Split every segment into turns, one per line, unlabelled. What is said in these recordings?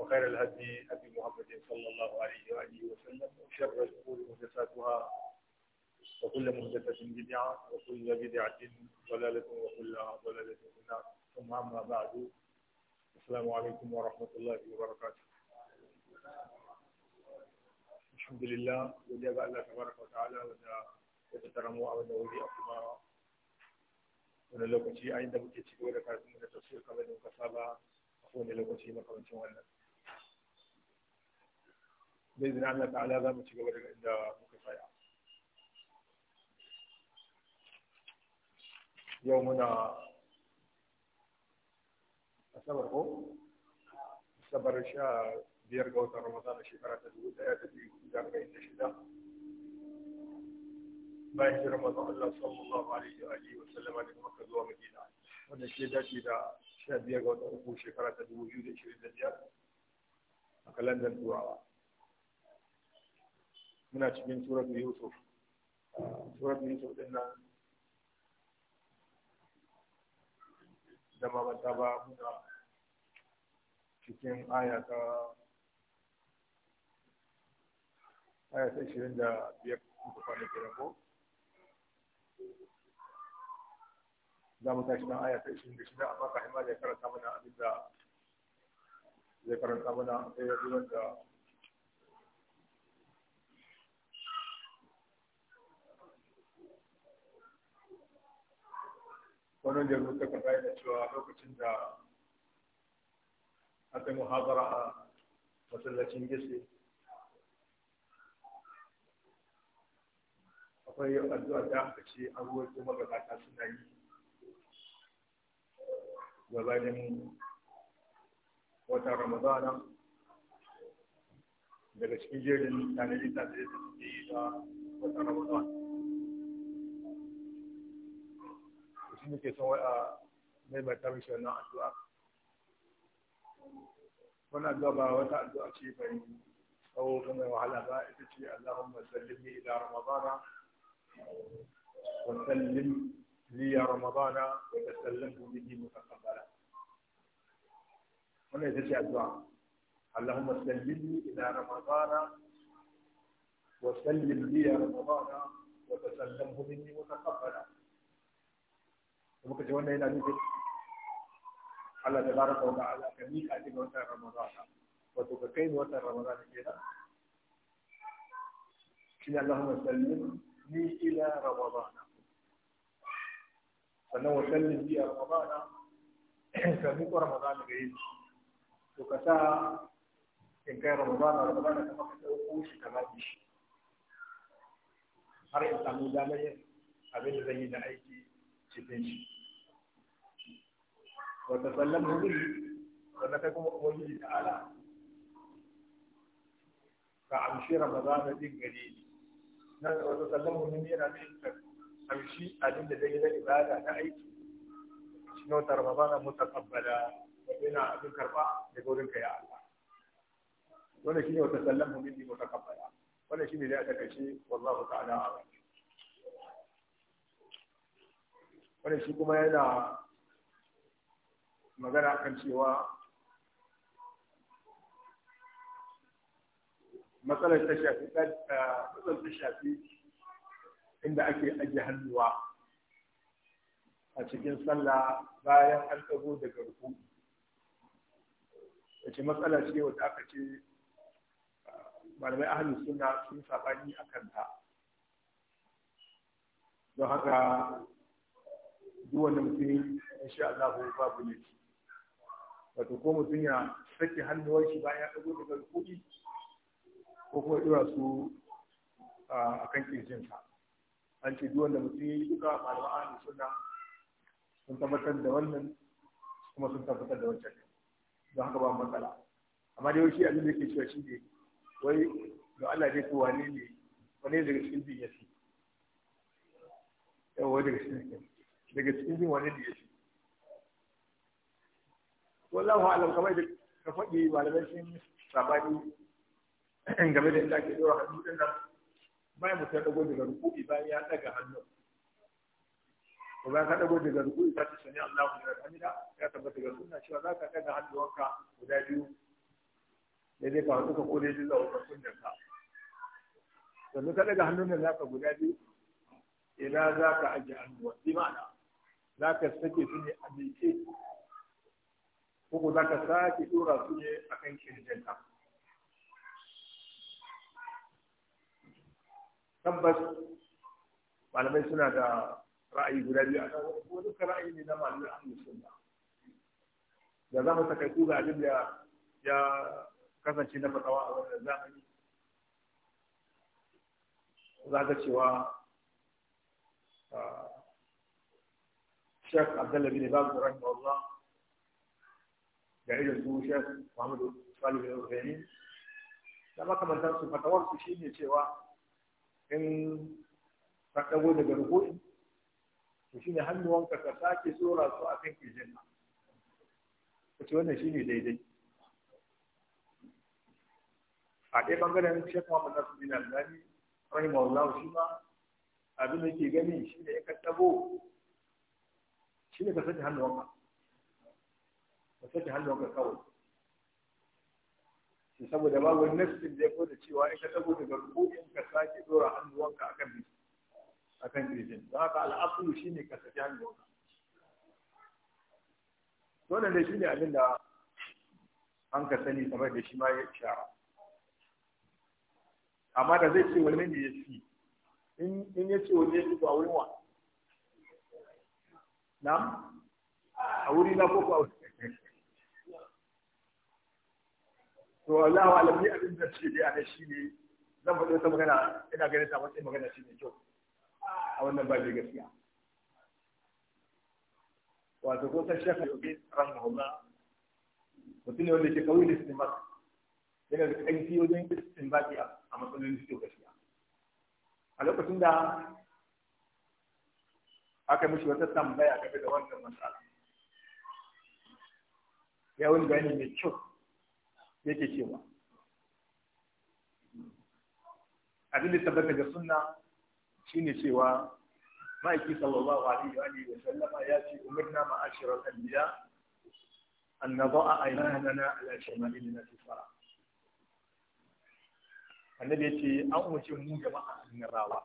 وخير الهدي أبي محمد صلى الله عليه وآله وسلم وشر الأمور محدثاتها وكل محدثة بدعة وكل بدعة ضلالة وكل ضلالة في النار ثم أما بعد السلام عليكم ورحمة الله وبركاته الحمد لله ولي الله تبارك وتعالى وذا يتترموا أبدا ولي أقما wani لو a inda muke cigaba من karatun قبل tafsir kamar da muka saba a kowane da izinin Allah ta'ala za mu ci gaba daga inda muka tsaya yau muna asabar ko asabar sha biyar ga watan ramadan a shekara ta dubu daya da biyu da arba'in da shida bayan shi ramadan Allah sallallahu alaihi wa alihi wa sallama daga maka zuwa madina wanda shi ya dace da sha biyar ga watan uku shekara ta dubu biyu da ishirin da biyar a kalandar turawa muna cikin suratu yusuf suratu yusuf din nan da mabanta ba muna cikin aya ta aya ta ishirin da biyar kuka kwana kira ko za mu tashi nan aya ta ishirin da shida amma ka hima zai karanta mana abin da zai karanta mana sai ya zuwa da wani da rubuta ka bai da cewa lokacin da aka muhabara a masallacin gese akwai addu'a da aka ce an ruwa kuma gabata suna yi gabanin wata ramadana daga cikin jerin tanadi tanadi da suke yi da wata ramadana muke son wai a maimaita mishi wannan addu'a wannan addu'a ba wata addu'a ce bai tsawo ta mai wahala ba ita ce Allahumma sallim li ila ramadana wa sallim li ya ramadana wa tasallim bihi mutaqabbala wannan ita ce addu'a Allahumma sallim li ila ramadana wa sallim li ya ramadana wa tasallim bihi mutaqabbala muka ce wannan yana nufin
Allah ta baraka wa ta'ala
ka miƙa shi ga watan Ramadan wato ka kai watan Ramadan kenan shi Allahumma sallim ni ila Ramadan sannan wa sallim bi Ramadan ka miƙa Ramadan ga yi to ka sa in kai Ramadan Ramadan ka maka dauko shi ka baki shi har in samu damar yin abin da zan yi da aiki cikin shi wata sallan mubili wanda kai kuma ubangiji ta'ala ka amshi ramadana din gare ni nan wata sallan mubili yana cikin ka amshi abin da zai yi na ibada ta aiki shi na wata ta tabbada, wanda yana abin karba daga wurin ka ya Allah wannan shine wata sallan mu mubili mutakabbala wannan shine da aka kace wallahu ta'ala wani. wanda shi kuma yana magana kan cewa matsalar ta shafi eh, matsalar ta shafi inda ake ajiye hannuwa a cikin sallah bayan an ɗago daga ruku ce matsala ce wata aka ce eh, malamai ahalin suna sun ni a kanta don haka wannan mutum in sha Allah babu ne wato ko mutum ya sake hannuwar shi bayan ya dago daga kuɗi ko kuma ira su a kan sa an ce duk mutum ya yi duka malaman suna sun tabbatar da wannan kuma sun tabbatar da wancan don haka ba matsala amma dai wani abin da ke cewa shi ne wai da Allah dai ko wane ne wane daga cikin biyu ya fi yawa daga cikin biyu daga cikin jin wani da ya shi wallahu alam kamar da ka faɗi malamai sun sabani game da inda ake zuwa hannu ɗin nan bayan mutum ya ɗago daga rukuɗi bayan ya ɗaga hannu ko bayan ka ɗago daga rukuɗi ka ta sani Allahu da hamida ya tabbata ga sunna cewa za ka ɗaga hannuwanka guda biyu daidai ka wata ka ko dai zuwa wata sunnar ka sannan ka ɗaga hannun nan ka guda biyu ina za ka ajiye hannuwa bi ma'ana za ka sake su ne a ko za ka sake dora su ne a kan kirjinka tabbas malamai suna da ra'ayi guda biyu a kan wani duka ra'ayi ne na malamai an musulma da za mu takaitu ga abin da ya kasance na fatawa a wannan zamani za ka cewa ah, shek abdullahi bin ibadu rahimahullah da irin su shek muhammadu salih bin usaini da makamantar su fatawar su shine cewa in ka daga ruku'i to shine hannuwanka ka sake tsora su akan kirjin nan kace wannan shine daidai a ɗaya ɓangaren shek muhammad nasiruddin albani rahimahullah shi ma abin da ke gani shine in ka dago shi ne ka sake hannuwanka ka sake hannuwanka kawai shi saboda babu nassin da ya koda cewa in ka dago daga rubutun ka sake dora hannuwanka akan a akan kirjin don haka al'asulu shi ne ka sake hannuwanka wannan ne shi ne abin da an ka sani kamar da shi ma ya shara amma da zai ce wani ne ya fi in ya ce wani ya fi ba wurin wa na a wuri na ko ko to Allah wa alamni abin da ce dai ana ne zan faɗi wata magana ina ganin ta wata magana shine kyau a wannan babu gaskiya wato ko ta shekha yobe rahimahullah mutum ne wanda ke kawai da istinbat yana da ƙarfi wajen istinbati a matsalolin fito gaskiya a lokacin da aka mishi wata tambaya game da wannan matsala ya wani bayani mai kyau yake cewa abin da tabbata ga sunna shine cewa ma'aiki sallallahu alaihi wa alihi wa sallama ya ce umirna ma'ashiral anbiya an nada'a aymanana ala shamalina fi sala annabi ya ce an umarci mu jama'a rawa.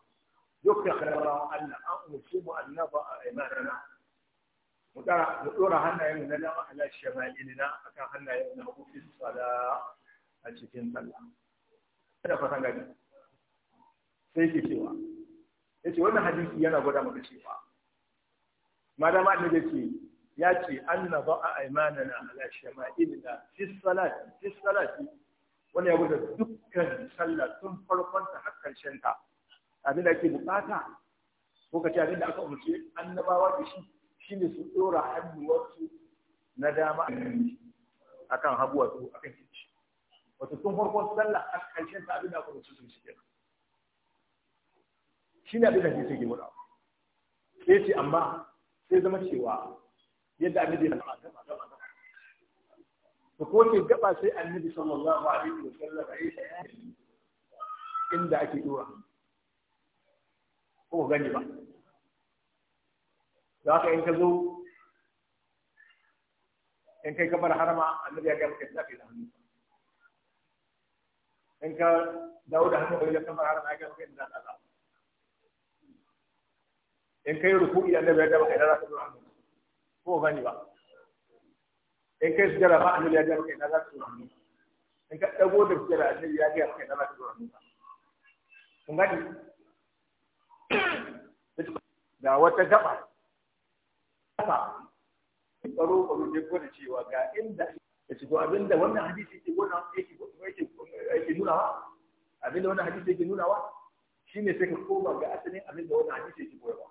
duk da kararrawa
Allah an umarci mu annaba a imanana mu dora mu dora hannayen na dama ala shamalina akan hannayen na hufi sala a cikin sallah kada fatan gani sai ke cewa yace wannan hadisi yana gwada maka cewa madama annabi ce ya ce an na ba a imanana ala shama'ilina fi salati fi salati wani ya gwada dukkan sallah tun farkon ta har karshen ta abin da ake bukata ko ka ce abin da aka umarci annabawa da shi shine su dora hannuwarsu na dama akan hagu su, akan kici wato tun farko sallah a karshen ta abin da aka umarci su shi kenan shine abin da ke cikin wani sai ce amma sai zama cewa yadda annabi ya gaba gaba gaba to ko ce gaba sai annabi sallallahu alaihi wa sallam inda ake dora ko gani ba za ka in ka zo in kai ka bar harama annabi ya ga maka tafi da hannu in ka dawo da hannu ka bar harama ya ga maka inda za ka in kai ruku'i annabi ya ga maka inda za ka zo hannu ko gani ba in kai sujjara ba annabi ya ga maka inda za ka zo hannu in ka dago da sujjara annabi ya ga maka inda za ka zo hannu kun gani ga wata gaba haka tsaro kwaro ne da cewa ga inda ya ci ko abinda wannan hadisi ke wannan yake yake wa abinda wannan hadisi yake wa shine sai ka koma ga asalin abinda wannan hadisi yake koyarwa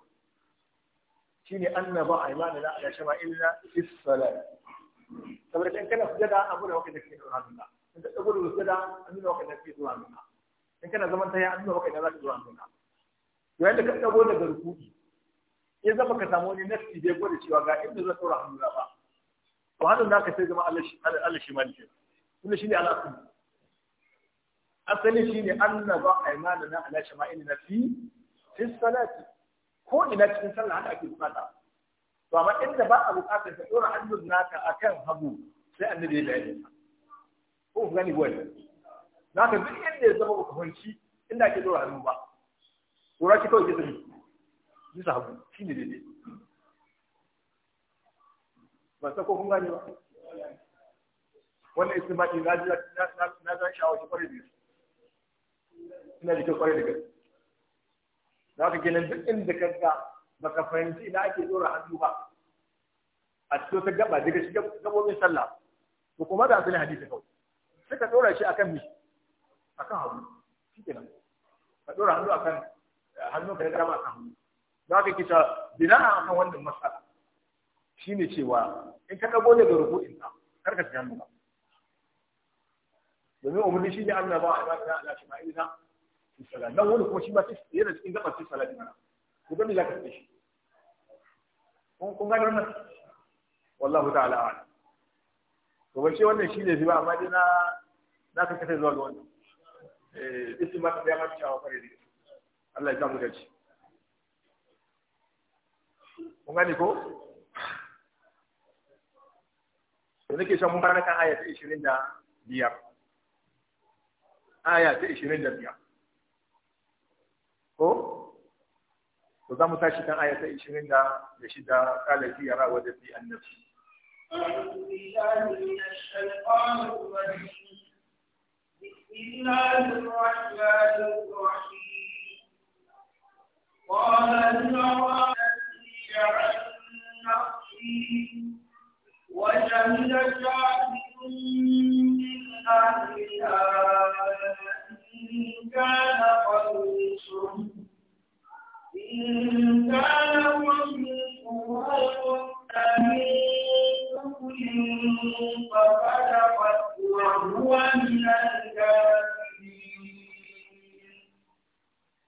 shine annaba aymanina ala illa fi salat saboda kan kana sujada abu da wakilin kake nuna nuna in ka dago da sujada an nuna da kike nuna Allah in kana zaman taya an nuna da kake nuna Allah yayin da ka dago daga rukuki ya zama ka samu wani nafsi da ya gwada cewa ga inda zan tsora hannu ba to hannun naka sai zama Allah shi malike kuma shine al'asli asali shine annaba na ala shama'ilina fi fi salati ko ina cikin sallah haka ake bukata to amma inda ba a bukatar ka dora hannun naka akan hagu sai annabi ya bayani ko gani gwai naka duk inda ya zama baka fanci inda ake dora hannu ba tsora shi kawai ke tafi bisa hagu shi ne daidai ba ta ko kun gane ba wannan istimaki na ji na zan sha'awar shi kwarai da gaske ina jikin kwarai da gaske za ka gina duk inda ka ga baka fahimci ina ake dora hannu ba a cikin ta gaba daga shi gabobin sallah ko kuma da asali hadisi kawai sai ka dora shi akan mi akan hagu shi kenan ka dora hannu akan Hannu ya dama kan hannu za ka kisa, bina a kan wannan matsala Shi ne cewa in ka ne daga ruku'in ka kar ka shiga hannu domin umarni shi ne Allah ba a ibada na Allah shi ma'ina fi salat nan wani kuma shi ma yana cikin gaba fi salat ne ku gani za ka fi shi kun kun gani wannan wallahu ta'ala a'lam to ban ce wannan shi ne ba amma dai na na ka kace zuwa ga wannan eh isin ma ta ya ma ta kare Allah ya samu dace kun gane ko da nake son mun fara kan aya ta 25 aya ta 25 ko to za mu tashi kan aya ta 26 da fi yara wa dafi annabi
أعوذ fi من بسم الله الرحمن الرحيم
فصدقت وهو
من الكافرين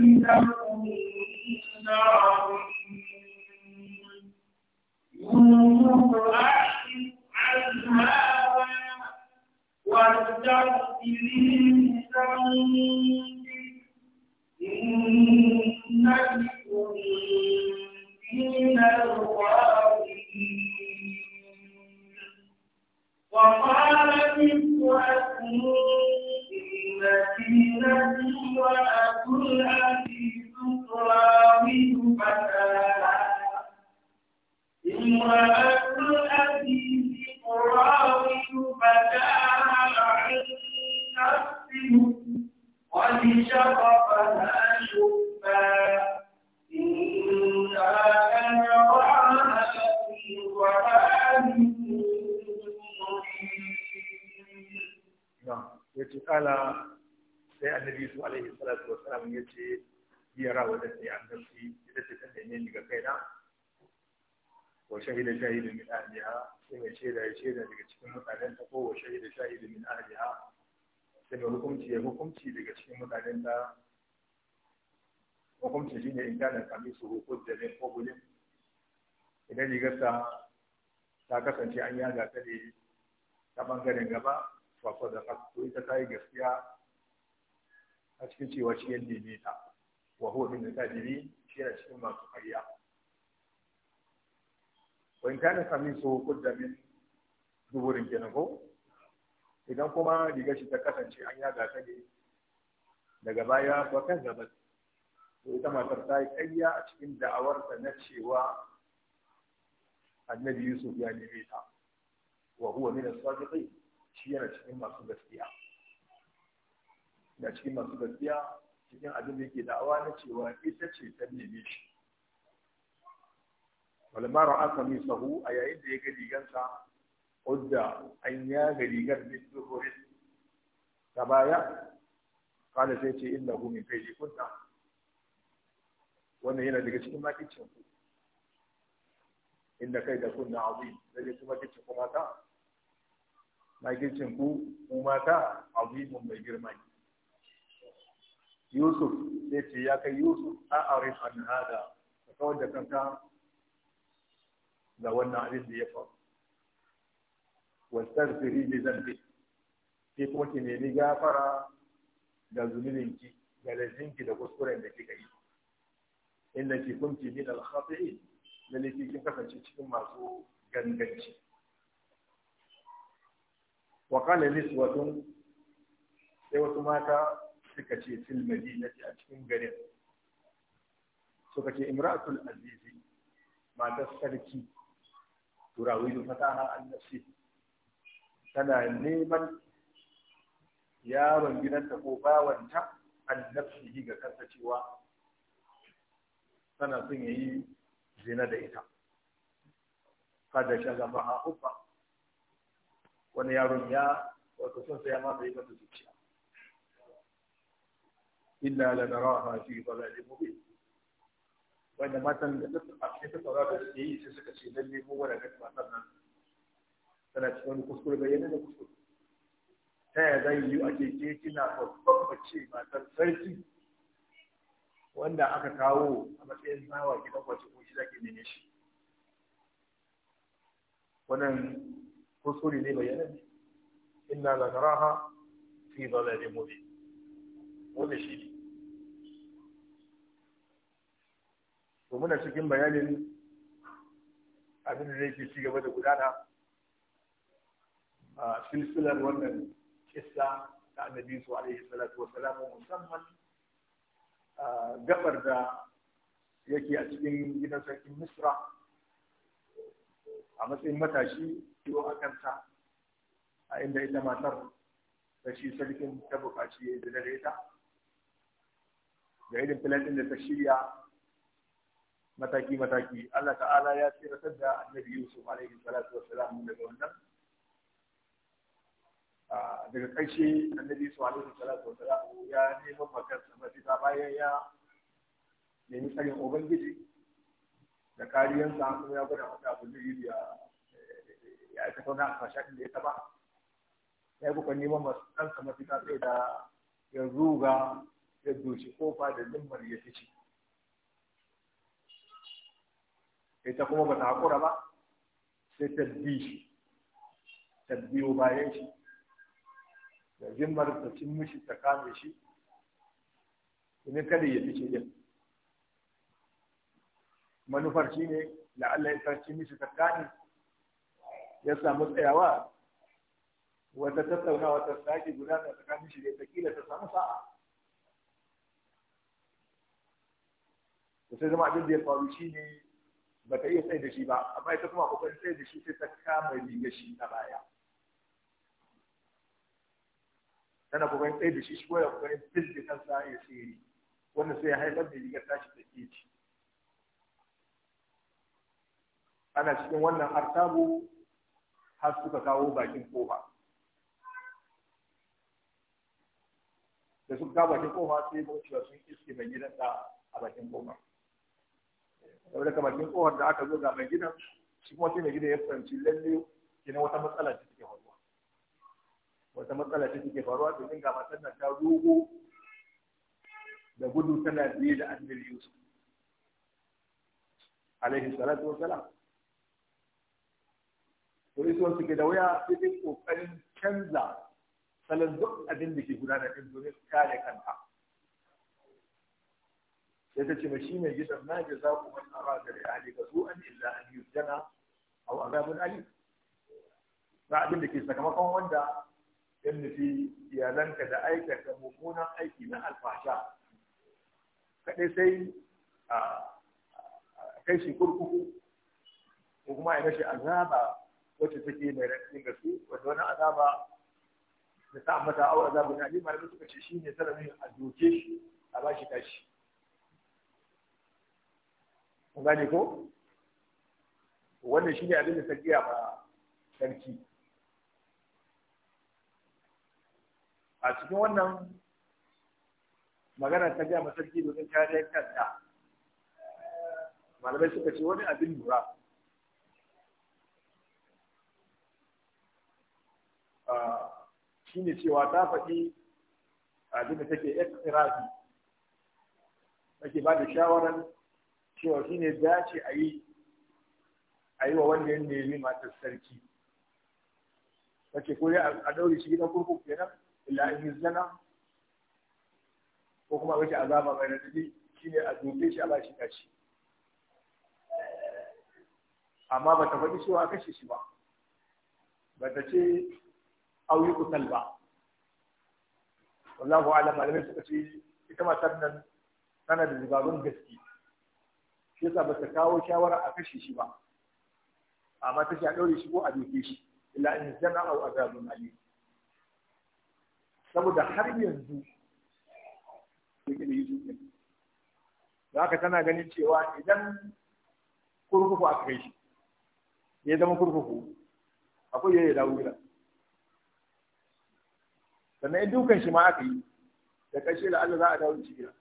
إنه يوسف أحسن عن هذا واستغفري لذنبك إنك كنت من الغافلين وقالت امرأة في مدينتي
ya ce yara wadda ta yi annabci ita ce ta neme ni ga kaina wa shahida shahidin min ahliha sai mai shaida ya daga cikin mutanen ta ko wa shahida shahidin min ahliha
sai mai hukunci ya
hukunci daga cikin mutanen ta hukunci shine in kana su hukunta ne ko gulin idan rigarsa ta kasance an yaga ta ne ta bangaren gaba wato da to ta yi gaskiya a cikin cewa shi yadda ne cikin masu wa in kana qamisu da min duburin kenan idan kuma riga shi ta kasance an yaga ta ne daga baya ba kan gaba to ita matar ta yi kayya a cikin da'awarta na cewa annabi yusuf ya neme ta wa huwa min as-sadiqin shi yana cikin masu gaskiya da cikin masu gaskiya cikin abin da yake da'awa na cewa ita ce ta neme shi aka ra'a sahu a yayin da ya ga rigarsa udda an ya ga rigar min duhurin ta baya kala sai ce inda hu min kai kunta wannan yana daga cikin makicin ku inda kai da kunna azim daga cikin makicin ku mata makicin ku ku mata mun mai girma Yusuf sai ce ya kai Yusuf a arif an hada ka kawar da kanka ga wannan abin da ya faru wastaghfiri zan dhanbi ke kuma ki nemi gafara da zunubinki da laifinki da kuskuren da kika yi inda ki kunti min al-khati'in lalle kin kasance cikin masu ganganci wa qala niswatun sai wasu mata suka ce fil madinati a cikin garin suka ce imra'atul azizi matar sarki turawidu fasaha an nafsi tana neman yaron gidanta ko bawanta an nafsi ga kansa cewa tana son yayi zina da ita kada shagafa ba uba, wani yaron ya wato son sai ya ma bai mata zuciya inna lanaraha fi dhalalin mubin wanda matan da ta saurara da suke yi sai suka ce lalle mu wani ga matan nan tana cikin wani kuskure bayyana da kuskure ta yaya zai yi a keke kina babban mace matan sarki wanda aka kawo a matsayin zawa gidan kwace ko shi zaki neme shi wannan kuskure ne bayyana ne inna zakaraha fi dalalin mubin wannan shi ne to muna cikin bayanin abin da zai ke ci gaba da gudana a silsilar wannan kissa ta annabi su alaihi salatu wa salamu musamman gabar da yake a cikin gidan sarkin misra a matsayin matashi kiwo a kanta a inda ita matar da shi sarkin ta buƙaci ya yi da ita da irin filatin da ta shirya mataki mataki Allah ta'ala ya tsira da annabi Yusuf alaihi salatu wassalam daga wannan daga ƙarshe annabi Yusuf alaihi salatu wassalam ya neman makarsa mafita bayan ya nemi tsarin ubangiji da kariyansa kuma ya gwada mata abu da ya ya aika sauna a fashe da ya taba ya yi kuka neman kansa mafita sai da ya zuga ya doshi kofa da zimmar ya fice ita kuma ta haƙura ba sai ta bi shi ta biyo bayan shi da zimmar ta cin mishi ta kame shi ne kada ya fice din manufar shi ne da Allah ya sarci mishi kame ya samu tsayawa wata tattaunawa ta sake ta tsakanin shi da ta kila ta samu sa'a sai zama abin da ya faru shi ne ba ta iya tsaye da shi ba amma ita kuma kokarin tsaye da shi sai ta kama riga shi na baya tana kokarin tsaye da shi shi koya kokarin tilde kansa ya tsere wannan sai ya haifar da rigar tashi ta ke ci ana cikin wannan artabu har suka kawo bakin kofa da suka kawo bakin kofa sai bauchiwa sun iske mai gidan da a bakin kofa saboda kamar kin kohar da aka zo ga mai gidan shi kuma sai mai gidan ya fahimci lalle kina wata matsala ce take faruwa wata matsala ce take faruwa domin ga matan nan ta dogo, da gudu tana biye da annabi Yusuf alaihi salatu wa salam to iso suke da waya sai kokarin canza salon duk abin da ke gudana din domin kare kanta sai ta ce ma shi mai gidan na ji za ku wani ara da ahli ga su an illa an yi jana a azabun ali ba abin da ke sakamakon wanda ya nufi iyalanka da aikata mummunan aiki na alfasha kaɗai sai a kai shi kurkuku ko kuma ya rashin azaba wacce take mai rantsin gaske wanda wani azaba da ta mata au azabun ali malamai suka ce shi ne sarari a doke shi a ba shi kashi gane ko wannan shine abin da ta giya ba sarki a cikin wannan magana ta giya ma sarki domin kariyar kanta malamai suka ce wani abin lura shine cewa ta faɗi abin da take ake ba da shawarar cewa shi ne za a yi a yi wa wanda ya nemi matar sarki wace ko ya a ɗaure shi gidan kurkuku kenan illa in zana ko kuma wace zama mai radadi shi ne a doke shi a ba shi kashi amma ba ta faɗi cewa kashe shi ba ba ta ce auyi kutal ba wallahu alam malamai suka ce ita matar nan tana da zubarun gaske shi yasa ba ta kawo shawara a kashe shi ba amma ta a ɗaure shi ko a doke shi illa in jana au azabun ali saboda har yanzu ya da yi din da ka tana ganin cewa idan kurkuku aka kai shi ya zama kurkuku akwai yaya dawo gida sannan dukan shi ma aka yi da ƙarshe da Allah za a dawo shi gida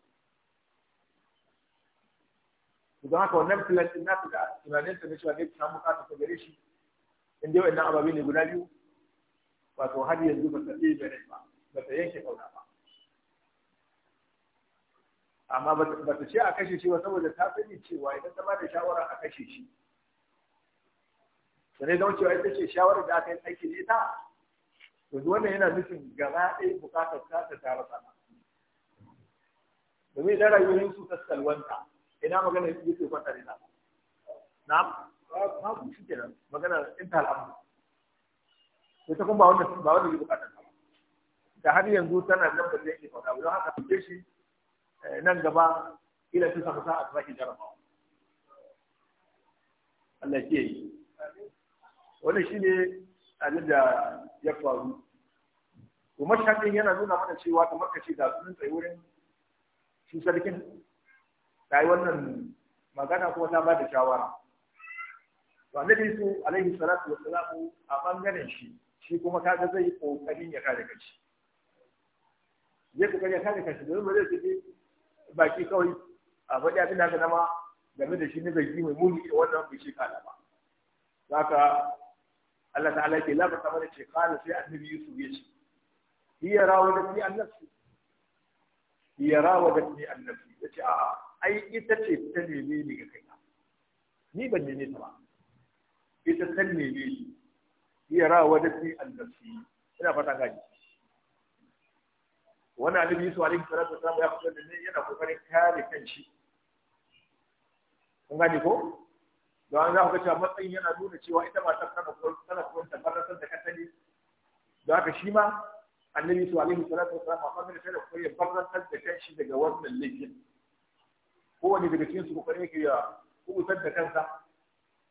Idan haka wannan plan din nasu da tunanin na cewa ne samu kasa ta gare shi in dai wannan ne guda biyu wato har yanzu ba ta ɗaya rai ba ba ta yanke kauna ba amma ba ta ce a kashe shi ba saboda ta sani cewa idan ta ba da shawara a kashe shi sanai zama cewa ita ce shawarar da aka yi aiki ne ta? yanzu wannan yana nufin gaba ɗaya bukatar ta ta tara sana domin idan rayuwar su ta salwanta ina magana yake yake kwanta da ina na babu shi kenan magana intal amma ita kuma ba wanda ba wanda yake bukata da har yanzu tana nan ba zai yake kwanta don haka take shi eh, nan gaba ila ta samu sa'a ta ki jarabawa Allah ke yi Wani shi ne abin da ya faru to mashhakin yana nuna mana cewa kamar kace ga sunan tsaye wurin shi sarkin ta yi wannan magana kuma ta ba da shawara to annabi su alaihi salatu wa salamu a bangaren shi shi kuma kaga zai yi kokarin ya kare kashi zai kokari ya kare kashi domin ba zai tafi baki kawai a faɗi abin da aka nama, game da shi na zai mai muni da wannan bai shi kala ba zaka Allah ta'ala ke labarta mana ce kala sai annabi Yusuf ya ce hiya rawadatni an nafsi hiya rawadatni an nafsi yace a'a ai ita ce ta neme ni ga kaina ni ban neme ta ba ita ta neme ni iya rawa da fi annabci ina fata gaji wannan annabi Yusuf alaihi salatu wasallam ya fito da ni yana kokarin kare kanshi kun gane ko don an za ku cewa matsayin yana nuna cewa ita ba ta kana tana fara san da kanta ne don haka shi ma annabi Yusuf alaihi salatu wasallam a farkon da ta fara san da kanshi daga wannan laifin kowane daga cikin su kokarin yake ya kubutar da kansa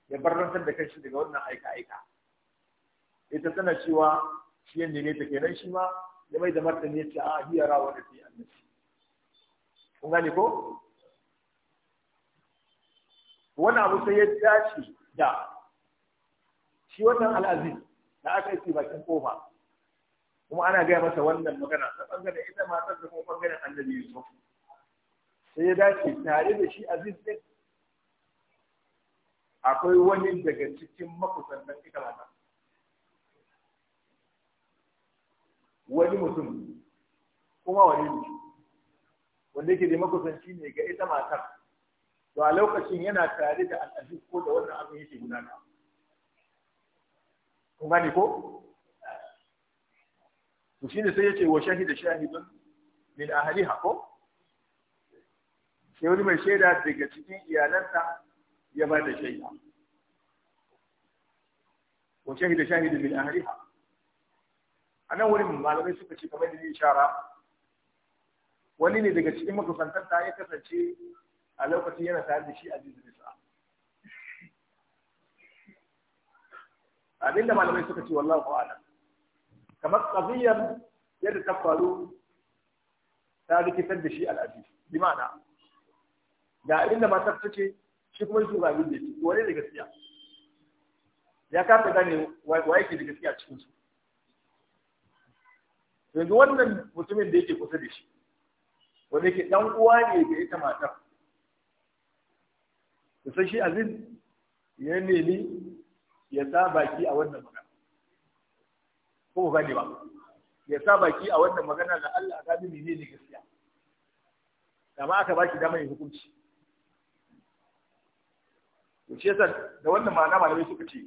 ya bar rantar da kanshi daga wannan aika aika ita tana cewa shi yanne ne ta nan shi ma ya mai da martani ya ce a hiya rawa da fi annabi kun gane ko wannan abu sai ya dace da shi wannan al'aziz da aka yi bakin kofa kuma ana gaya masa wannan magana ta bangaren ita matar da kuma bangaren annabi yusuf sai ya dace tare da shi aziz din akwai wani daga cikin makusantan ikramata wani mutum kuma wani ne wanda yake da makusanci ne ga ita matar to a lokacin yana tare da al'adu ko da wannan abin yake gudana kun gane ko to shine sai yace wa shahida shahidun min ahliha ko sai wani mai shaida daga cikin iyalarsa ya ba da shaida wa shahida shahidin hariha? A nan wurin malamai suka ce kamar da zai shara, wani ne daga cikin makusantanta ya kasance a lokacin yana tare da shi a jizin abinda malamai suka ce wallahu a'lam kamar qadiyar yadda ta faru ta rikitar da shi al'adu bi ma'ana ga da matar ta ce shi kuma shi ga abin da yake wane da gaskiya ya kafa gane wa yake da gaskiya cikin su yanzu wannan mutumin da yake kusa da shi wanda yake dan uwa ne ga ita matar da sai shi azin ya nemi ya sa baki a wannan magana ko ba gane ba ya sa baki a wannan magana da Allah ga bi ne gaskiya amma aka baki damar hukunci to shi yasa da wannan ma'ana malamai suka ce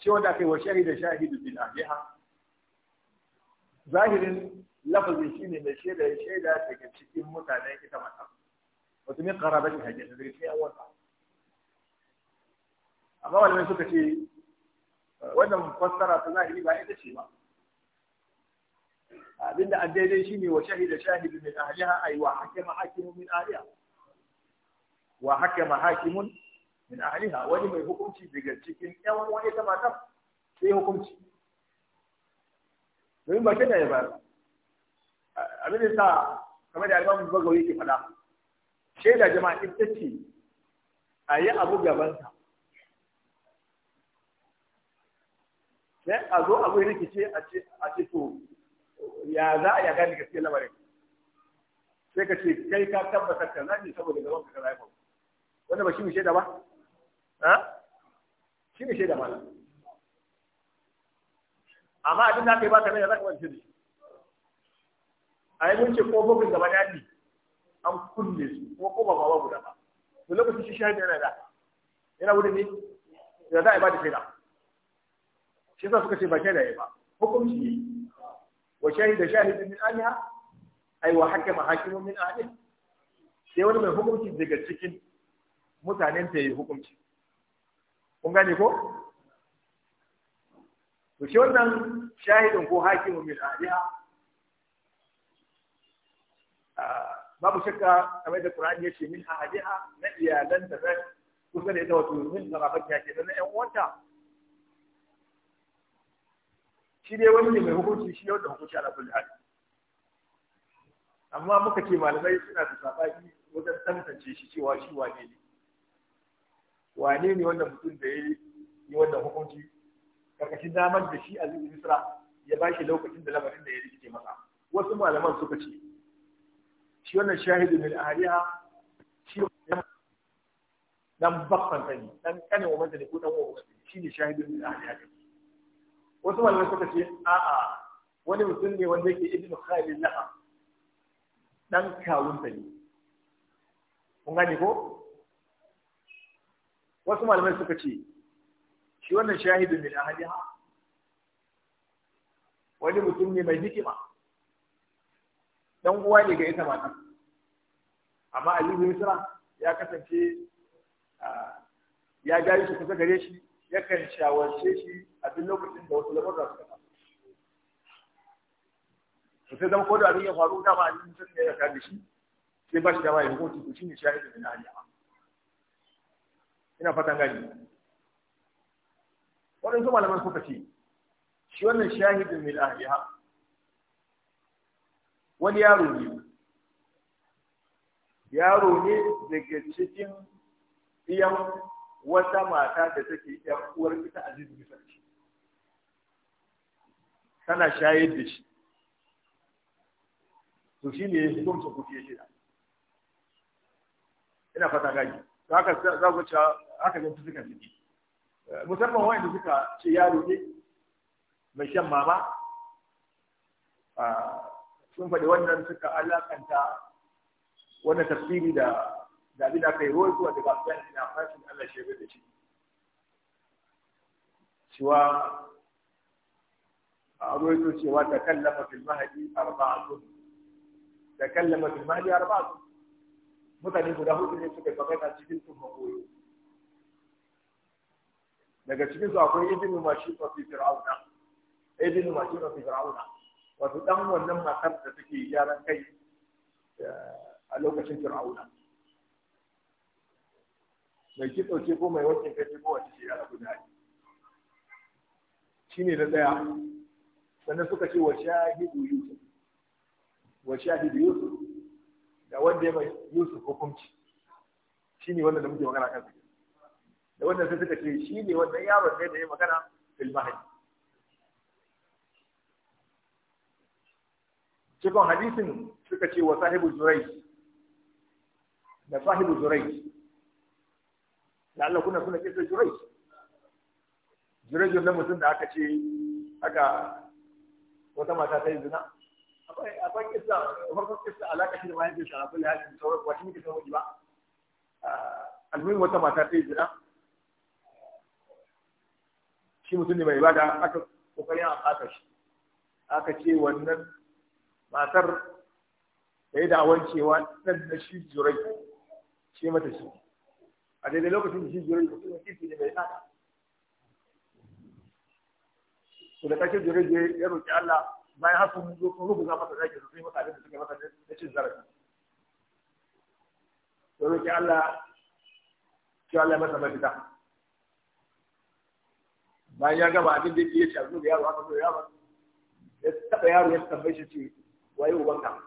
ce wanda kai wa shahida shahidu bil ajiha zahirin lafazin shine mai shaida ya shaida daga cikin mutanen ita mata wato min qarabati hajjata daga cikin yan wata amma malamai suka ce wannan fassara ta zahiri ba ita ce ba abinda an daidai shine wa shahida shahidu min ahliha ay wa hakama hakimun min ahliha wa hakama hakimun min ahliha wani mai hukunci daga cikin ƴan wani ta matan sai hukunci domin ba kina ya ba abin da sa kamar da alimamu bagawi ke faɗa shaida jama'a ita ce a yi abu gaban sa. sai a zo abu rikice a ce to ya za a yaga ni gaske lamarin sai ka ce kai ka tabbata ka za saboda gaban ka kaza ya faru wanda ba shi mu shaida ba ha shi ne shaida mana amma abin da aka yi ba ka nan za ka wance da shi a yi wuce ce kofofin gaba daɗi an kunne su kuma kofa ba babu da ba to lokacin shi shahidi yana da yana wuri ne da za a yi ba da shaida shi za suka ce ba shaida ya ba hukunci wa shahida shahidin min aliha ai wa hakama hakimun min aliha sai wani mai hukunci daga cikin mutanen ta yi hukunci kun gane ko to shi wannan shahidin ko hakimin min aliha babu shakka kamar da Qur'ani ya ce min ahadiha na iyalan da zai kusa da ita wato min sarafat ya ce na ƴan uwanta shi dai wani mai hukunci shi yau da hukunci a kulli hal amma muka ce malamai suna da sabaki wajen tantance shi cewa shi wane ne wane ne wannan mutum da ya yi wannan hukunci karkashin damar da shi a aziz isra ya ba shi lokacin da lamarin da ya rikice masa wasu malaman suka ce shi wannan shahidu mai ahliha shi dan bakkan sani dan kane wa manta ne ko dan uwa shi ne shahidu min ne. wasu malaman suka ce a'a wani mutum ne wanda yake ibnu khalid laha dan kawun sani kun gane ko wasu malamai suka ce shi wannan shahidun min ahliha wani mutum ne mai hikima dan uwa ne ga ita ma ta amma Ali bin Misra ya kasance ya gari shi kusa gare shi yakan shawarce shi a duk lokacin da wasu lamurra suka faru to sai zama ko da abin ya faru dama Ali bin Misra ya kare shi sai ba shi dama ya hukunci shi ne shahidun min ahliha ina fatan gani waɗansu malaman suka ce shi wannan shahidin mil ahliha wani yaro ne yaro ne daga cikin iyan wata mata da take yan uwar ita bin sarki tana shayar da shi to shi ne hukumta kuke shida ina fata gaji haka za ku cewa haka zan suka suke musamman wanda suka ce yaro ne mai shan mama sun faɗi wannan suka alakanta wannan tafsiri da da abin da aka yi ruwa zuwa daga abin da na fashin Allah shi da shi cewa a ruwaito cewa ta kallama fil mahadi arba'atun ta kallama fil mahadi arba'atun mutane guda hudu ne suka na cikin su magoyi daga cikin su akwai idin mashi fi fir'auna ibn mashi fi fir'auna wato dan wannan matar da take gyaran kai eh, a lokacin fir'auna mai kitso ce ko mai wankin kai ko wace ce ala guda ne shine na daya sannan suka ce wa shahidu yusuf wa shahidu yusuf da wanda ya mai Yusuf hukunci shi ne wanda da muke magana kan da wanda sai suka ce shi ne wanda yaron ne da ya magana fil mahdi cikin hadisin suka ce wa sahibu zurai da sahibu zurai da Allah kuna suna kisa zurai zurai na mutum da aka ce aka wata mata ta yi zina akwai kisa farkon kisa alaƙa shi da mahaifin shi abin ya shi sauran wata muke sauran ba ah, almuhim wata mata ta yi zina shi mutum ne mai bada aka kokarin a ƙasa shi aka ce wannan matar da ya da'awar cewa nan na shi zurai shi mata shi a daidai lokacin da shi zurai mutum ne kifi ne mai tsada to da ƙarshen zurai ya roƙi Allah bayan haka mun zo kun rubuta masa zaki sun yi masa abin da suke masa da cin zarafi to roki Allah ki Allah masa mafita bayan ya gaba abin da yake ya zo da yaro haka zo yaro ya taba yaro ya tambaye shi ce waye ubanka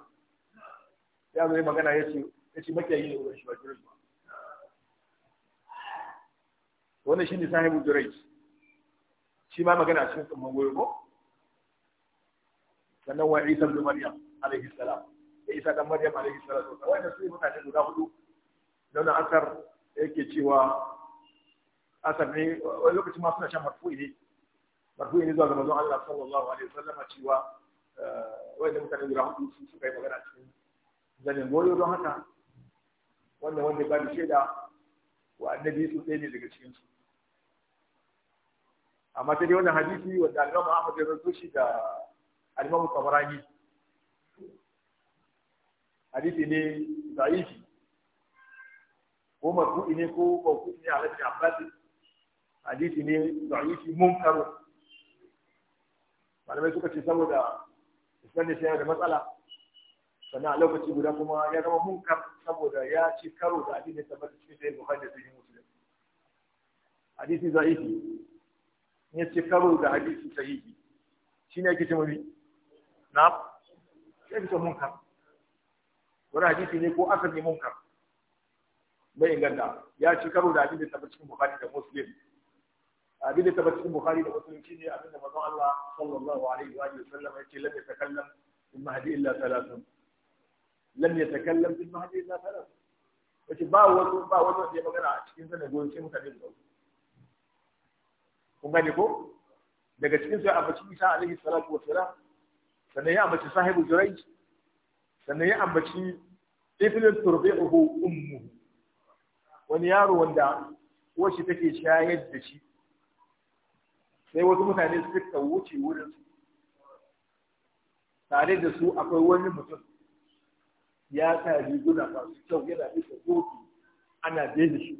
yaro ya magana ya ce ya ce makiyayi ne uban shi ba jirin ba wannan shine sahibu durai shi ma magana cikin tsamman goyo ko sannan wa Isa da Maryam alaihi salam da Isa dan Maryam alaihi salam wanda su mutane guda hudu don asar yake cewa asar ne lokacin ma suna shan marfu'i ne marfu'i ne zuwa ga manzon Allah sallallahu alaihi wasallam cewa eh, wanda mutane guda hudu su suka yi magana cikin zanen goyo don haka wanda wanda ba da shaida wa annabi su ɗaya ne daga cikin su amma sai dai wannan hadisi wanda Imam Ahmad ya rawaito shi da alimamu imam Tabarani hadisi ne da'ifi ko marfu'i ne ko kuɗi ne ala Ibn Abbas hadisi ne da'ifi munkar malamai suka ce saboda ne sai da matsala sannan a lokaci guda kuma ya zama munkar saboda ya ci karo da abin da tabbata cikin sai Bukhari da Sahih Muslim hadithi da'ifi ya ci karo da hadithi sahihi shine yake cewa na'am sai bisa munkar wani hadisi ne ko asali ne munkar bai inganta ya ci karo da abin da tabbata cikin bukhari da muslim abin da tabbata cikin bukhari da muslim ne abin da manzon Allah sallallahu alaihi wa sallam yake lam yatakallam in mahdi illa thalathun lam yatakallam in mahdi illa thalathun yace ba wasu ba wasu da magana a cikin sanin goyon sai mutane da kun gane ko daga cikin sai abaci Isa alaihi salatu wa ra? sannan ya ambaci sahibu jurai sannan ya ambaci ifilin turbi'uhu ummu wani yaro wanda wacce take shayar da shi sai wasu mutane suka wuce wurin su tare da su akwai wani mutum ya sa riguna masu kyau yana bisa zofi ana da shi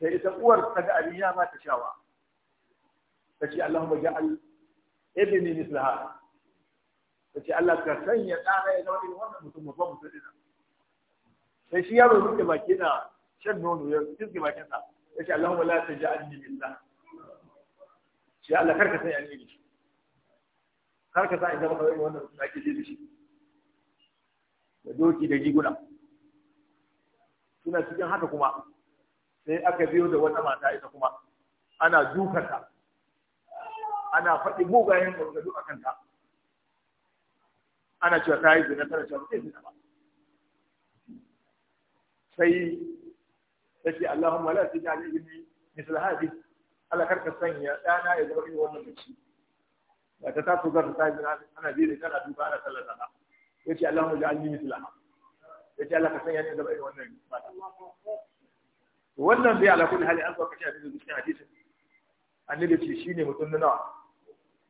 sai ita uwar ta ga abin ya mata shawa ta ce Allahumma ja'al ibni mislaha kace Allah ka sanya ɗana ya zama irin wannan mutum babban mutum ɗin sai shi yaro ya buɗe baki na shan nono ya fiske bakin sa yace Allahumma la taj'alni billah shi Allah karka sanya ni ne karka sa idan ka wannan mutum ake ji da shi da doki da giguna suna cikin haka kuma sai aka biyo da wata mata ita kuma ana dukarta ana faɗi mugayen gwargwado a kanta ana cewa ta yi zina tana cewa ba zai zina ba sai ta ce Allahumma la taj'al ibni misal hadi Allah karka sanya dana ya zama irin wannan mace ba ta taso za ta yi zina ana bi da tana duka ana sallar ba. ya ce Allahumma ja'alni misal hadi ya ce Allah ka sanya ni zama irin wannan mata wannan bai ala kulli hali an zo kace abin da cikin hadisin annabi ce shine mutum na nawa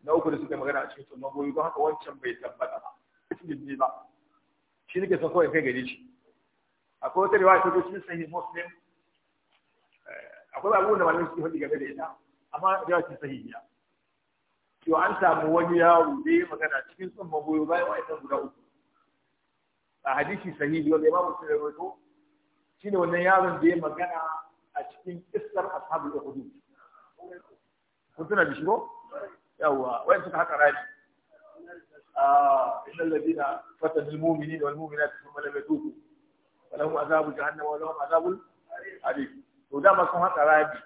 na uku da suka magana a cikin sunan goyi don haka wancan bai tabbata ba bai ba shi nake so kawai kai shi akwai wata riwaya ta zo cikin sahih muslim eh, akwai abubuwan da game da ita amma riwaya ce sahihiya to an samu wani yaro da ya magana cikin tsumman goyo bayan wa'annan guda uku a hadisi sahihi wanda imamu sun rawaito shine wannan yaron da ya magana a cikin iskar ashabul ukhdud kun tuna da shi ko yawa wa'annan suka haka rani إن الذين فتنوا المؤمنين والمؤمنات ثم لم يتوبوا فلهم عذاب جهنم ولهم عذاب عليم to dama sun haka rabi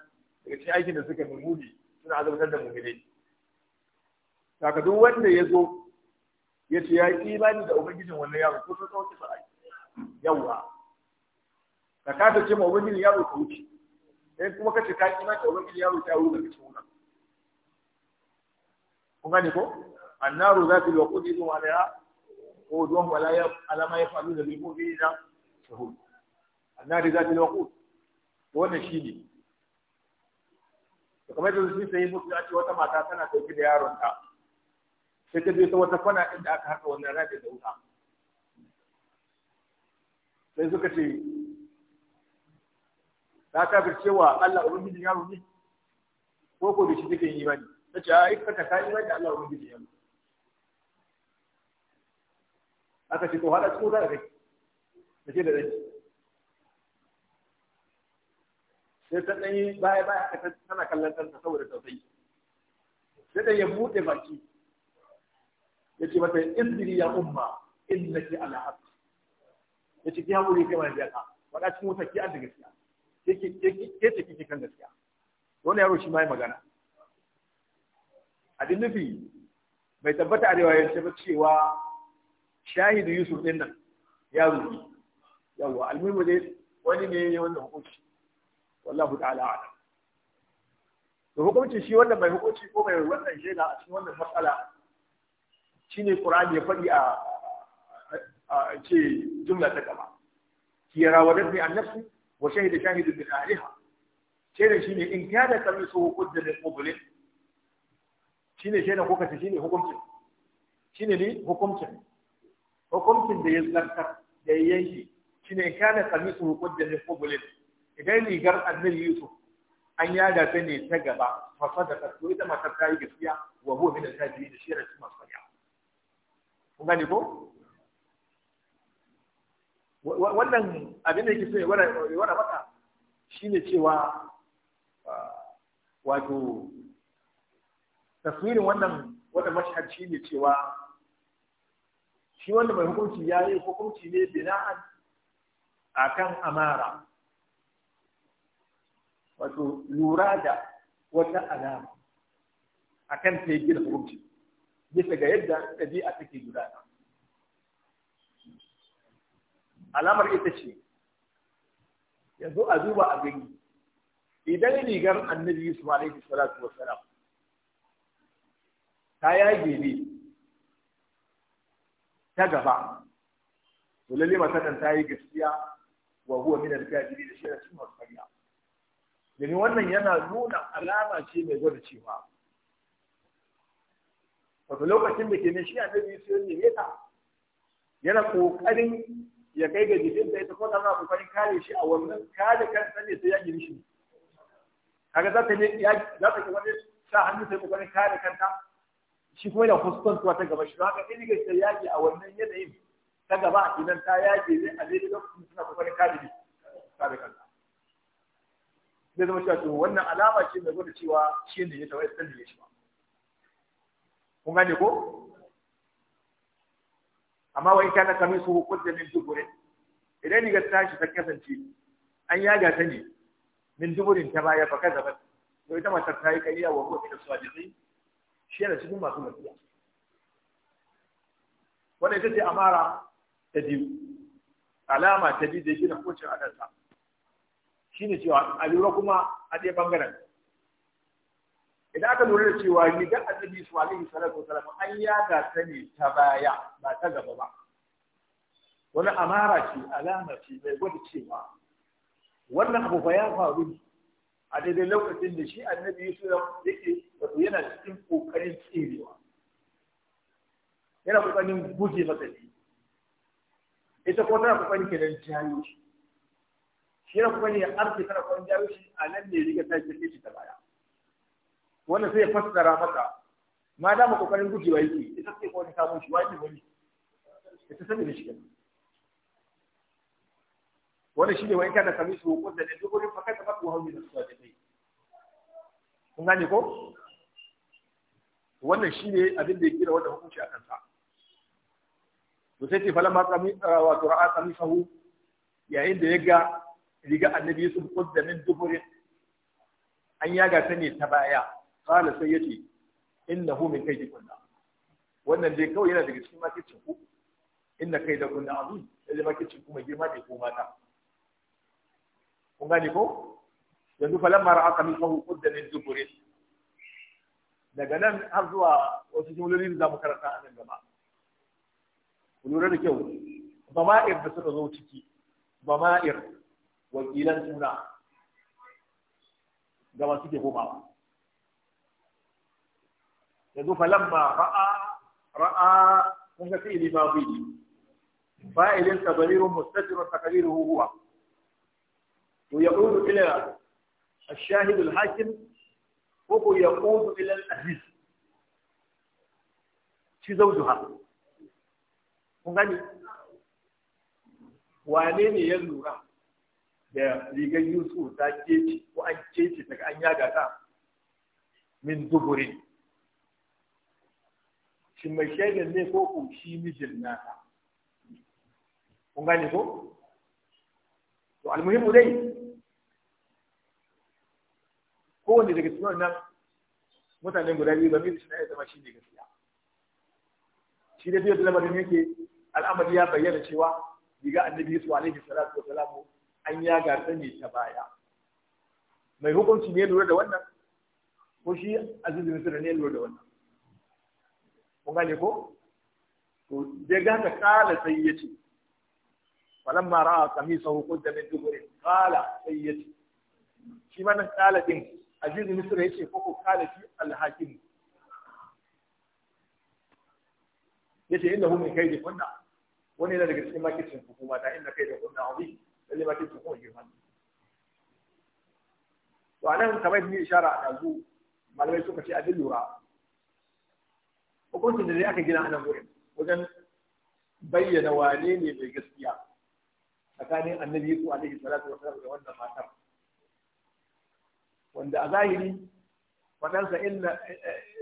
daga cikin aikin da suka mulmuli suna azabtar da mummune saka duk wanda ya zo ya ce ya yi imani da ubangijin wannan yaro ko sun sauke sarai yawa ka kasa ce ma ubangijin yaro ka wuce sai kuma ka ce ka imani da ubangijin yaro ta wuce daga cikin wannan kun gane ko annaru za ta yi wa kudi zuwa da ya ko zuwan wala ya alama ya faru da bilbo biyu na sahur annaru za ta yi wannan shi ne da kamar da su sai musu a ce wata mata tana ɗauke da yaronta sai ta je ta wata kwana inda aka haka wannan rami da wuta sai suka ce ta kafir cewa Allah ubangijin yaro ne ko ko da shi take yi bane tace a ita ta kai bane Allah ubangijin yaro aka ce to hada cikin wuta da kai da ke da ɗan sai ta ɗanyi baya baya aka tana kallon kanta saboda tausayi sai da ya buɗe baki ya ce mata izini ya umma innaki ala haq ya ce ki haƙuri kai mai biyaka faɗa cikin wuta ki an da gaskiya ke ce kike kan gaskiya wani yaro shi ma yi magana a nufi bai tabbata a ce ba cewa shahidu yusuf din nan ya rubi yawa almuhimu dai wani ne ya wannan hukunci wallahu ta'ala a'lam to hukunci shi wannan mai hukunci ko mai wannan shaida a cikin wannan matsala shine qur'ani ya faɗi a a ce jumla ta gaba ki rawadatni an nafsi wa shahida shahidu bi ahliha shaida shine in kana kamisu qudda lil mublil shine shaida ko kace shine hukunci shine ne hukuncin hukuncin da ya zartar da ya yanki shine in kana kamisu da ne kogulin idan rigar annar yusuf an yada ta ne ta gaba fa da to ita matar ta yi gaskiya wa huwa da al-kafirin da shi yana cikin masu ƙarya kun ko wannan abin da yake so ya wara shi shine cewa wato taswirin wannan mashahar shi shine cewa shi wanda mai hukunci ya yi hukunci ne a akan amara wato lura da wata alama akan ta yi gina hukunci bisa ga yadda ɗabi'a take gudana alamar ita ce yanzu a duba a gani idan rigar annabi yusuf alaihi salatu ta yage ne ta gaba to lalle matan ta yi gaskiya wa huwa min al-kadiri da shi da cikin wasariya dani wannan yana nuna alama ce mai gwada cewa wato lokacin da ke ne shi annabi sai ne ne ta yana kokarin ya kai ga jikin da ita ko tana kokarin kare shi a wannan kare kan ne sai ya gini shi kaga za ta ne za ta ke wani sa hannu sai kokarin kare kanta shi kuma yana fuskantuwa ta gaba shi don haka in rigar ta a wannan yanayin ta gaba idan ta yage zai a daidai lokacin suna kokarin kare ne kare kanta zai zama cewa to wannan alama ce mai gwada cewa shi ne ya tawaye san da ya shi ba kun gane ko amma wai kana kamin su hukunta min dubure idan ni ga tashi ta kasance an yaga ta ne min duburin ta baya fa kaza ba to ita matar ta yi kariya wa ko da sadiqi shi yana cikin masu nasiya wannan ita ce amara ta biyu alama ta biyu da shi na kocin adansa shi ne cewa a lura kuma a ɗaya ɓangaren idan aka lura da cewa rigar annabi su alaihi salatu wasalam an yaga ta ne ta baya ba ta gaba ba wani amara ce alama ce mai gwada cewa wannan abu ba ya faru a daidai lokacin da shi annabi Yusuf yake wato yana cikin kokarin tserewa. yana kokarin guje masa ne ita ko tana kokarin kenan jayo shi shi yana kokarin ya arke tana kokarin jayo shi a nan ne riga ta kirke shi ta baya wannan sai ya fassara maka ma dama kokarin gujewa yake ita sai ta samun shi wani wani ita sani da shi kenan wani shine wai kana kami su hukun da duk wurin fa kada ba ku hauni da su a kun gane ko wannan shine abin da ya kira wanda hukunci akan sa to sai ce falamma kami wato ra'a sahu, yayin da ya ga riga annabi Yusuf kudda min duburin an yaga ta ne ta baya kala sai yace innahu min kaydi kunna wannan dai kawai yana daga cikin makicin ku inna da kunna azim lalle makicin ku mai girma ne ko mata kun ko yanzu fa lamma ra'a qamisahu qudda min duburin daga nan har zuwa wasu jimloli da mu karanta a nan gaba ku lura da kyau bama'ir da suka zo ciki bama'ir wakilan suna gaba suke komawa yanzu lamma ra'a ra'a kun ga fi'ili ba fi'ili fa'ilin tabarirun mustatirun takariruhu huwa Ko ويعود إلى الشاهد الحاكم وهو يعود إلى الأزيز في Kun gani wane ne ya lura da rigar yusuf ta keci ko an keci daga an yaga ta min zuburin. shi mai shaidar ne ko ko shi mijin nata kun gani ko to muhimu dai kowanne daga cikin wannan mutanen guda biyu ba shi na yi zama shi ne gaskiya shi da da lamarin yake al'amari ya bayyana cewa diga annabi Yusuf alaihi salatu wa salamu an ya gasa ne ta baya mai hukunci ne lura da wannan ko shi aziz misir ne lura da wannan kun gane ko to dai ga haka kala sai ya ce falamma ra'a qamisahu qudda min duburin qala sayyati shi ma nan qala din aziz misra yace ko ko qala fi al-hakim yace inda hum kai da kunna wani yana daga cikin makicin hukuma ta inda kai da kunna awi lalle makicin hukuma girma to anan kamar ni ishara a dazu malamai suka ce abin lura hukuncin da aka gina a wurin wajen bayyana wane ne mai gaskiya tsakanin annabi Yusuf alaihi salatu wasallam da wannan matar wanda a zahiri fadansa inna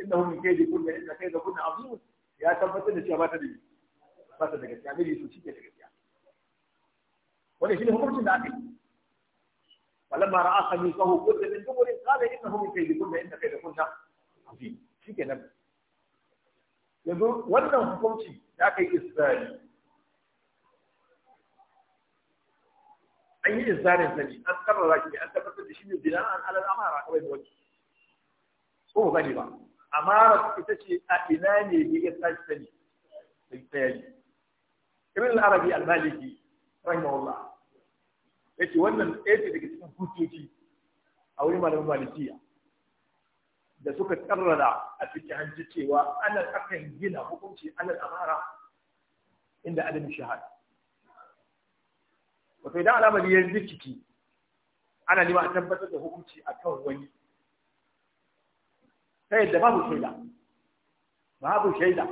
inna hum kaidi kullu inna kaida kunna azim ya tabbatar da cewa ba ta da ba ta da gaskiya annabi Yusuf shi ke da gaskiya wannan shine hukuncin da aka yi فلما راى قميصه قد من دبر قال انه من كيد كنا ان كيد كنا عظيم شikenan yanzu wannan hukunci da aka yi isra'ili an yi insarin sani an karrara shi an tabbatar da shi ne bina an alal amara kawai da wani ko ba ba amara ita ce a ina ne ne ya tashi sani sai tsayari ibn al-arabi wannan ɗaya ce daga cikin hujjoji a da suka karrara a cikin cewa ana akan gina hukunci alal amara inda adam shahada wato idan al'amari ya rikiki ana nema a tabbatar da hukunci a kan wani ta yadda babu shaida babu shaida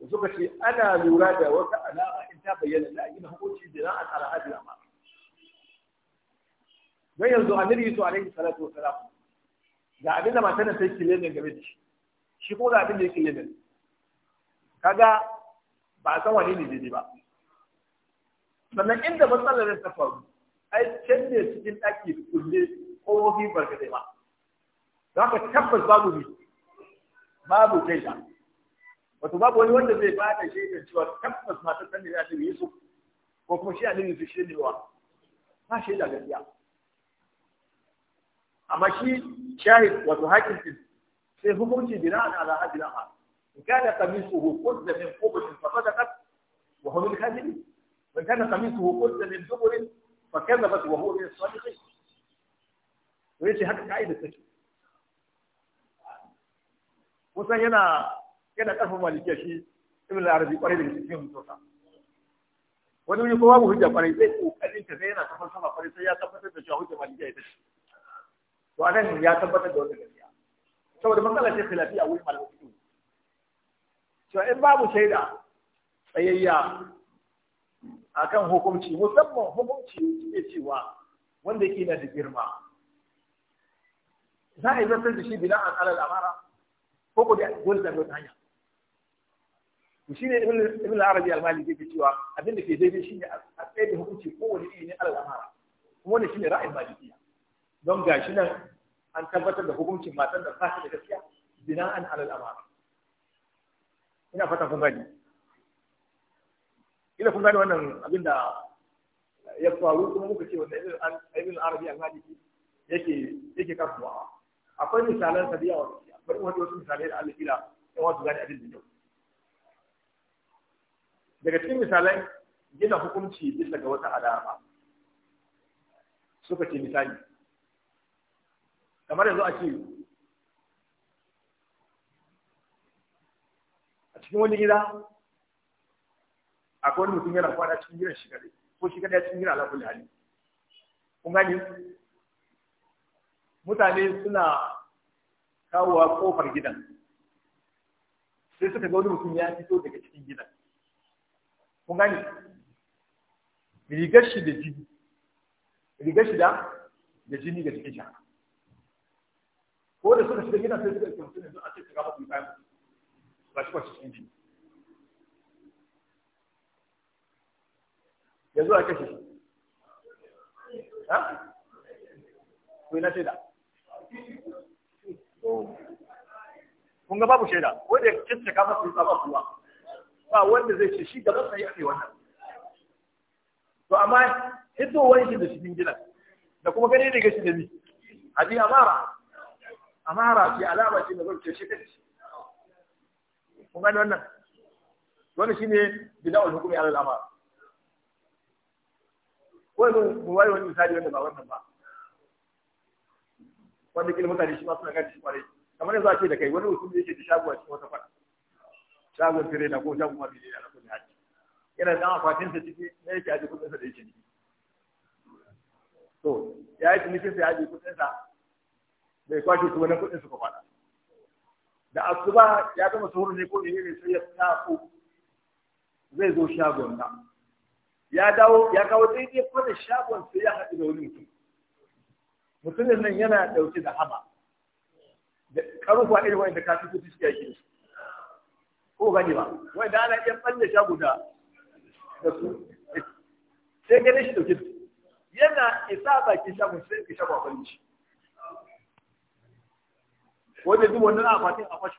da suka ce ana lura da wata alama in ta bayyana da gina hukunci da na a alhaji amma don yanzu annabi yusuf alaihi salatu wasalam ga abin da matan sai kile ne game shi ko da abin da yake kile ne kaga ba a san wani ne daidai ba sannan inda matsalar ta faru ai can ne cikin ɗaki kulle ƙofofi barkatai ba za ka tabbas babu ne babu kai da wato babu wani wanda zai ba da shaidar cewa tabbas matar sanin da annabi yusuf ko kuma shi a yusuf shi ne wa ba shaida gaskiya amma shi shahid wato hakim din sai hukunci a ala na ha in kana hukunci da min fasa da kas wa huwa min وإن كان قميصه قد من دبر فكذبت وهو من الصادقين ويجي هكا قاعدة تكي kusan yana yana karfin malikiya shi ibn arabi kwarai da cikin mutuwa wani wani kowa hujja kwarai sai kokarin ta sai yana kafar sama sai ya tabbatar da cewa hujja malikiya ita ce to anan ya tabbatar da wannan gaskiya saboda matsala a in babu shaida tsayayya akan hukunci musamman hukunci ne cewa wanda yake na da girma za a yi zartar da shi bila an alal amara ko ku da dole da wata hanya shi ne ibn arabi al-mali ke cewa abinda ke daidai shi ne a tsaye da hukunci wani iri ne alal amara kuma shi ne ra'ayin malikiya don gashi nan an tabbatar da hukuncin matan da fata da gaskiya bina an alal amara ina fata kun gani ina kun gane wannan abin da ya faru kuma muka ce wanda ibn arabi an hadisi yake yake kafuwa akwai misalan sadiya wa gaskiya bari mu wasu misalai da Allah kila in wasu gane abin da yau. daga cikin misalai gina hukunci bisa ga wata alama suka ce misali kamar yanzu a ce a cikin wani gida akwai wani mutum yana kwana cikin gidan shi kadai ko shi kadai cikin gidan alaƙul hali kun gani mutane suna kawowa kofar gidan sai suka ga wani mutum ya fito daga cikin gidan kun gani rigar shi da jini rigar shi da da jini ga cikin shaka ko da suka shiga gidan sai suka ɗauki mutum yanzu a ce shiga ba shi kwashi cikin jini yanzu a kashe shi ha ku na shaida oh. kun ga babu shaida ko da kace ka masa yasa ba kuwa ba wanda zai ce shi da masa yake wannan to amma wani shi da cikin gidan da kuma gane ne gashi da ni hadi amara amara ce alama ce da zai shi kace kun ga wannan wannan shine bida'ul hukumi ala al-amara kawai mu ware wani misali wanda ba wannan ba wanda kila mutane shi ba suna gani shi kwarai kamar yanzu a ce da kai wani mutum yake da shago a cikin wata fara shagon tire na ko shago shagon mabili na kudi haji yana da akwatin sa ciki na yake aje kudin sa da yake ciki to ya yi cinikin sa ya aje kudin sa bai kwashe su wani kudin su ko fada da asuba ya gama suhur ne ko ne ne sai ya ko, zai zo shagon na ya dawo ya kawo daidai kwanan shagon sai ya haɗu da wani mutum mutumin nan yana ɗauke da hama da karuwa irin wanda ka fi kuɗi suke yake ko gani ba da ana iya ɓalle shago da su sai gane shi ɗauke da yana isa baki shagon sai ka shagon ɓalle shi wanda duk wannan akwatin a kwashe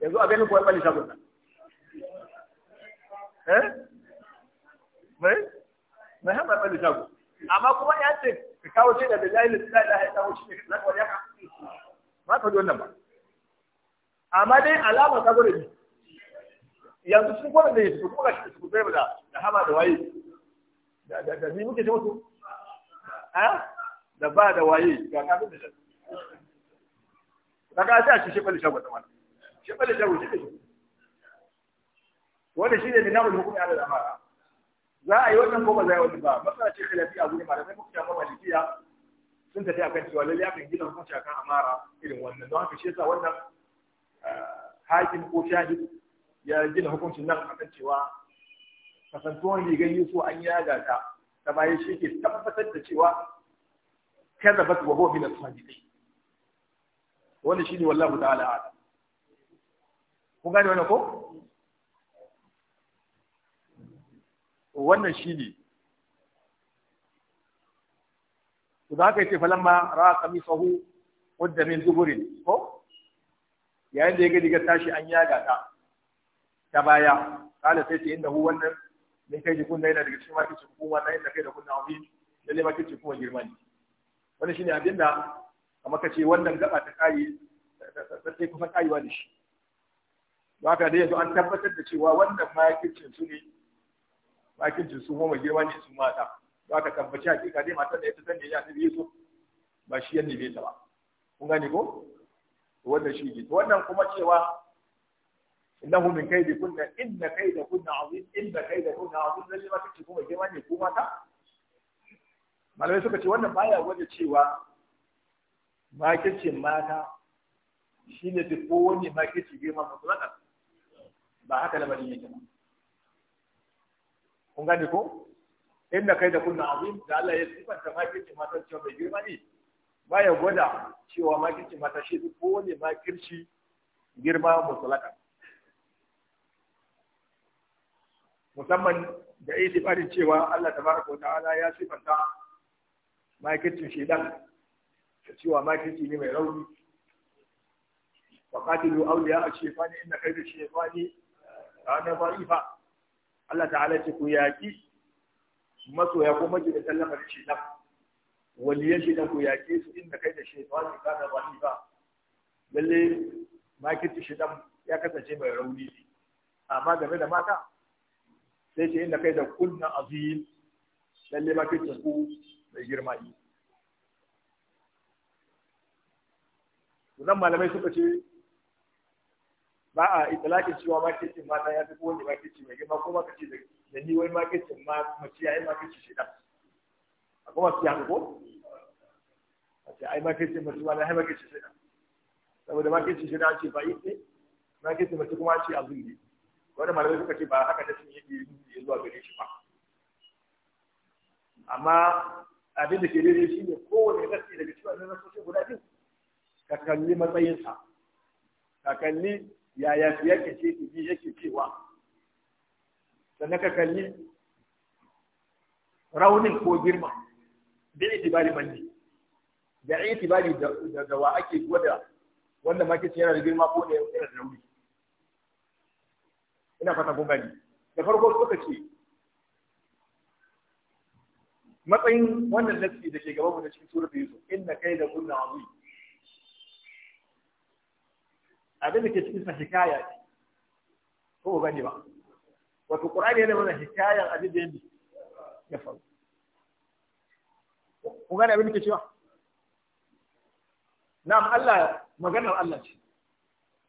yanzu a ganin kuwa ɓalle shagon nan eh? mai eh? mai hamba ɓalli shago amma kuma ya ce ka kawo shaida da jahilin da ilaha illallah shi ne ka zaka ka haka ba ka ji wannan ba amma dai alama ta zo da yanzu sun kwana da su kuma ga su zai da da hama da waye da da da ni muke ce musu da ba da waye ga kafin da shi Da ka a ci shi bali shago da wani shi bali shago shi wanda shi ne da namu hukumi ala da mara za a yi wannan ko ba za a yi wannan ba masana ce khilafi a gurin malamai muka shafa malikiya sun tafi akan cewa lalle akan gina hukunci akan amara irin wannan don haka shi yasa wannan eh, hakim ko shahid ya gina hukuncin nan akan cewa kasantuwar rigar yusu an yaga ta ta bayan shi ke tabbatar da cewa kaza bat wa huwa min as-sadiqin wannan shine wallahu ta'ala Ku kun gane wannan ko wannan shi ne za ka yi ce ma ra'a sahu wadda min zuburin ko yayin da ya gadi gata tashi an yaga ta ta baya kala sai ce inda hu wannan ne kai jikun da yana daga cikin makin cikin kuma na inda kai da na abin lalle makin cikin kuma girma ne wani ne abin da kamar ka ce wannan gaba ta kayi ta sai kuma kaiwa da shi ka dai yanzu an tabbatar da cewa wannan makicin su ne cin su goma girma ne su mata ba ka tabbaci hakika dai matar da ita sanya ya ta biyu su ba shi yadda bai ta ba kun gane ko wannan shi ne wannan kuma cewa innahu min kaidi kunna inna kaida kunna azim inna kaida kunna azim lalle ma kace kuma girma ne ko mata malamai suka ce wannan baya gwada cewa makicin mata shine duk kowane makicin girma ba ba haka lamarin yake ba kun gane ko inda kai da kunna azim da Allah ya sifanta makirci mata cewa mai girma ne ba ya gwada cewa makirci mata shi duk kowane makirci girma musulaka musamman da sifarin cewa Allah tabaraka wa ta'ala ya sifanta makircin shedan da cewa makirci ne mai rauni wa qatilu awliya ash-shaytani inna kayda ash-shaytani kana dha'ifa Allah ta'ala ce ku yaƙi masoya ko da sallama da shaitan waliyan shaitan ku yaƙi su inda kai da shaitan ne da wani ba lalle makirci shaitan ya kasance mai rauni ne amma game da mata sai ce inda kai da kunna azim lalle makircin ku mai girma ne. Zan malamai suka ce ba a itlaqin cewa marketing mata ya fi kowane marketing mai girma ko maka ce da ni wai marketing ma mace yayi marketing shi da a kuma su yaku ko a ce ai marketing mace ma na hai marketing shi saboda marketing shi da ce ba yi ne marketing mace kuma ce a zuri wanda malamai suka ce ba haka da sun yi zuwa gare shi ba amma abin da ke daidai shi ne kowane nasi daga cikin wannan nasoshi guda biyu ka kalli matsayinsa ka kalli yaya ya ke ce ɗigi yake cewa sannan ka kalli raunin ko girma da itibari manni da itibari da wa ake gwada wanda ma ce yana da girma ko ne yana da rauni ina fata ko gani da farko suka ce matsayin wannan lafi da ke gaba mu da cikin suratul yusuf inna da kunna azim abin da ke cikin sa hikaya ce ko ba gani ba wato qur'ani yana mana hikayan abin da yake ya faru Ko gane abin da ke cewa na'am Allah maganar Allah ce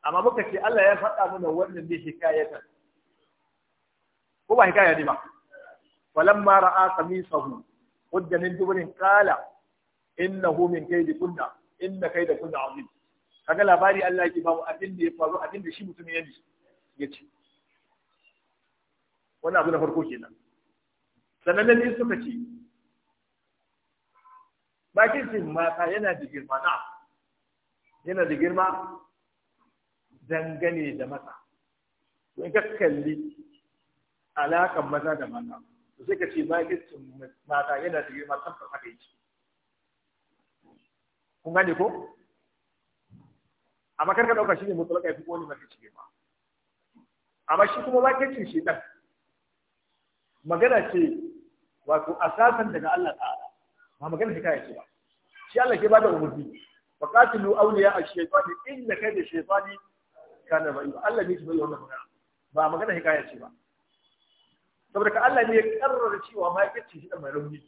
amma muka ce Allah ya faɗa mana wannan ne hikayatan ko ba hikaya ne ba falamma ra'a qamisahu qudda min duburin qala innahu min kaydi kunna inna kayda kunna azim kaga labari Allah yake babu abin da ya faru abin da shi mutumin ya ji ya ce wannan abu na farko kenan sannan nan suka ce bakin mata yana da girma na yana da girma dangane da mata in ka kalli alakan maza da mata sai ka ce bakin sin mata yana da girma kan haka yake kun gane ko amma kar ka dauka shine mutlaka yafi wani mafi cike ma amma shi kuma cin shi dan magana ce wato asasan daga Allah ta'ala ba magana shi kai ce ba shi Allah ke da umurni faqatilu awliya ash-shaytani inna kayda shaytani kana ba Allah ne shi bai wannan magana ba magana hikaya ce ba saboda ka Allah ne ya karrara cewa makicin shi da mai rauni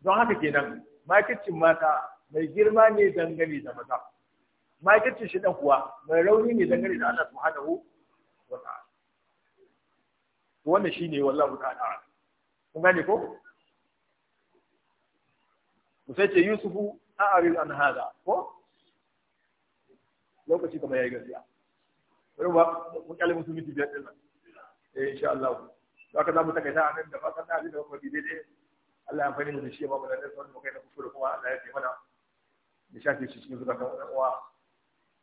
don haka kenan makicin mata mai girma ne dangane da maza ma'aikacin shi ɗan kuwa mai rauni ne dangane da Allah subhanahu wa ta'ala wannan shine wallahu ta'ala kun gane ko ku sai ce yusufu a'rid an hada ko lokaci kamar yayi gaskiya bari ba mu kalle musu miti biyar din nan eh insha Allah haka za mu takaita a nan da fatan da abin da kuma bi daidai Allah ya fani mu da shi ba mu da nan sai mu kai da kuskure kuma Allah ya ce mana da shafe shi cikin zuwa kan uwa